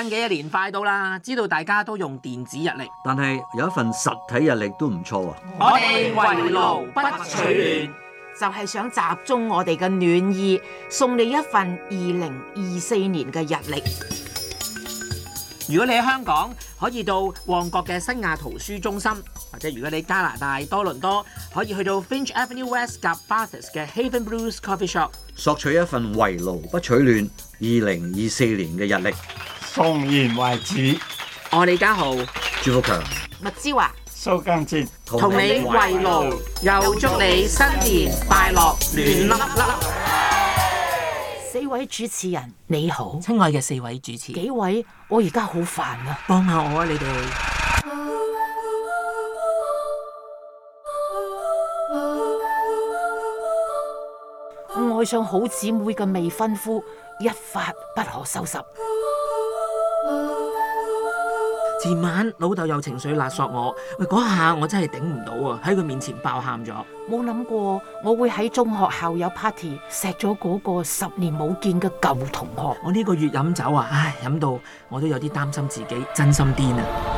新嘅一年快到啦，知道大家都用電子日曆，但係有一份實體日曆都唔錯啊！我哋為勞不取暖，就係想集中我哋嘅暖意，送你一份2024年嘅日曆。如果你喺香港，可以到旺角嘅新亞圖書中心，或者如果你加拿大多倫多，可以去到 Finch Avenue West 加 Bathurst 嘅 Haven Blues Coffee Shop，索取一份為勞不取暖2024年嘅日曆。同言為子，我李家豪，朱福強，麥之華，蘇更志，同你為奴，又祝你新年快樂，圓碌碌。四位主持人你好，親愛嘅四位主持，幾位我而家好煩啊，幫下我啊你哋。愛上好姊妹嘅未婚夫，一發不可收拾。前晚老豆有情緒勒索我，喂嗰下我真係頂唔到啊！喺佢面前爆喊咗。冇諗過我會喺中學校友 party，錫咗嗰個十年冇見嘅舊同學。我呢個月飲酒啊，唉，飲到我都有啲擔心自己，真心癲啊！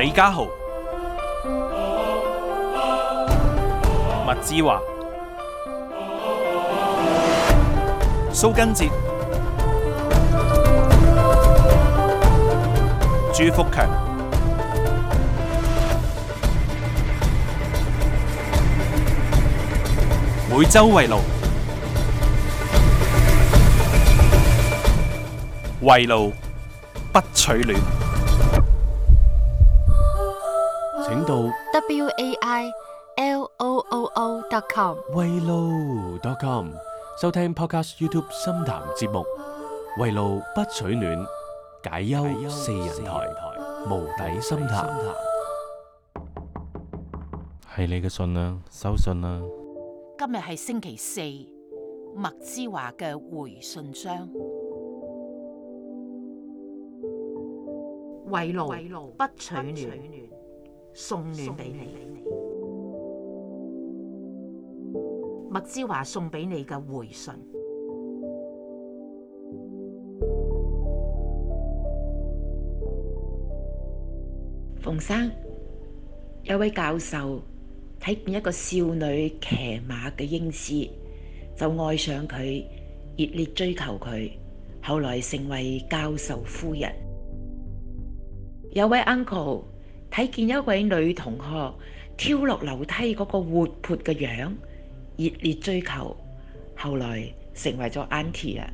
李家豪、麥之華、蘇根哲、朱福強，每周圍爐，圍爐不取暖。wailoo.com，wayloo.com 收聽 Podcast YouTube 深談節目，圍路不取暖。解憂四人台，無底深談。係你嘅信啊，收信啦。今日係星期四，麥之華嘅回信箱。圍路不取暖。送暖俾你，麥之華送俾你嘅回信。馮生，有位教授睇見一個少女騎馬嘅英姿，就愛上佢，熱烈追求佢，後來成為教授夫人。有位 uncle，睇見一位女同學跳落樓梯嗰個活潑嘅樣，熱烈追求，後來成為咗 Auntie 啦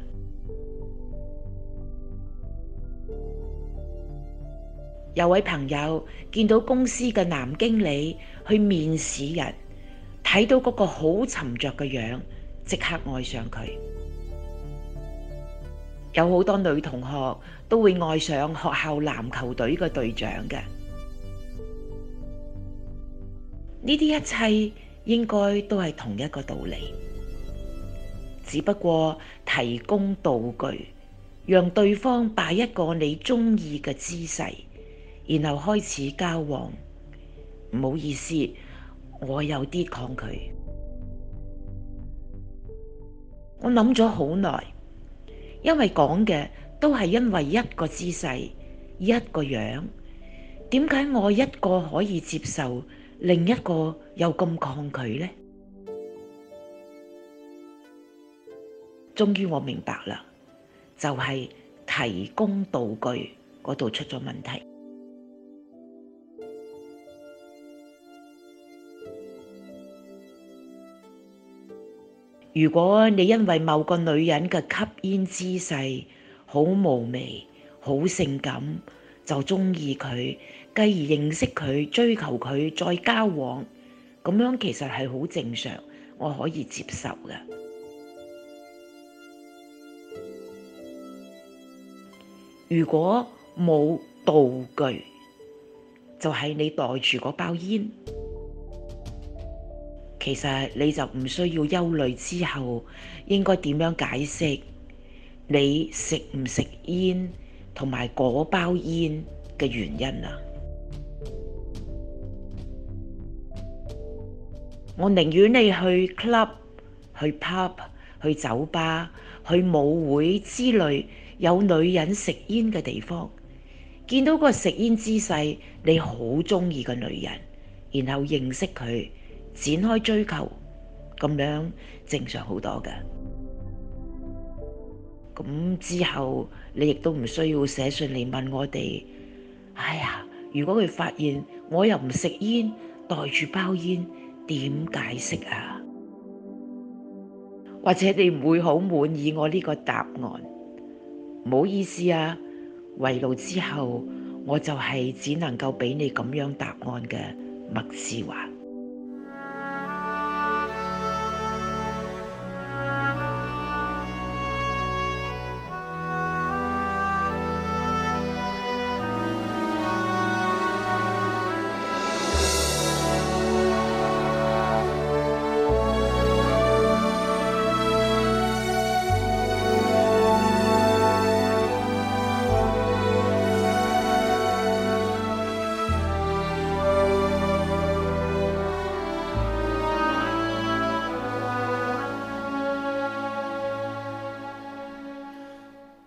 有位朋友見到公司嘅男經理去面試人，睇到嗰個好沉着嘅樣子，即刻愛上佢。有好多女同學都會愛上學校籃球隊的隊長嘅。呢啲一切應該都係同一個道理，只不過提供道具，讓對方擺一個你鍾意嘅姿勢，然後開始交往。唔好意思，我有啲抗拒。我諗咗好耐，因為講嘅都係因為一個姿勢、一個樣，點解我一個可以接受？另一個又咁抗拒呢？終於我明白啦，就係、是、提供道具嗰度出咗問題。如果你因為某個女人嘅吸煙姿勢好無味、好性感，就中意佢。繼而認識佢、追求佢、再交往咁樣，其實係好正常，我可以接受嘅。如果冇道具，就係你袋住嗰包煙，其實你就唔需要憂慮之後應該點樣解釋你食唔食煙同埋嗰包煙嘅原因啦。我寧願你去 club、去 pub、去酒吧、去舞會之類，有女人食煙嘅地方，見到個食煙姿勢你好中意嘅女人，然後認識佢，展開追求，咁樣正常好多㗎。咁之後你亦都唔需要寫信嚟問我哋。哎呀，如果佢發現我又唔食煙，袋住包煙。點解釋啊？或者你唔會好滿意我呢個答案？唔好意思啊，圍爐之後我就係只能夠俾你咁樣答案嘅麥之華。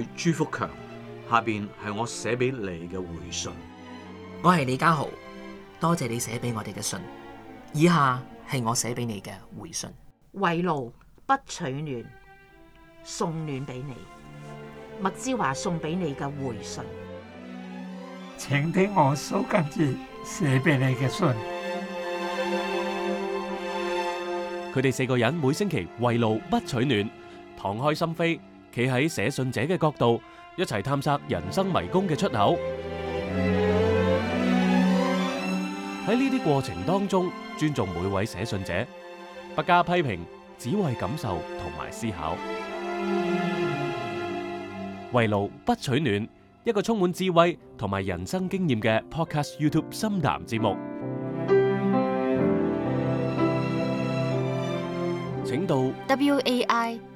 係朱福強，下邊係我寫俾你嘅回信。我係李家豪，多謝你寫俾我哋嘅信。以下係我寫俾你嘅回信。圍爐不取暖，送暖俾你。麥之華送俾你嘅回信，請聽我收緊住寫俾你嘅信。佢哋四個人每星期圍爐不取暖，敞開心扉。企喺寫信者嘅角度，一齊探索人生迷宮嘅出口。喺呢啲過程當中，尊重每位寫信者，不加批評，只為感受同埋思考。為勞不取暖，一個充滿智慧同埋人生經驗嘅 Podcast YouTube 深談節目。請到 WAI。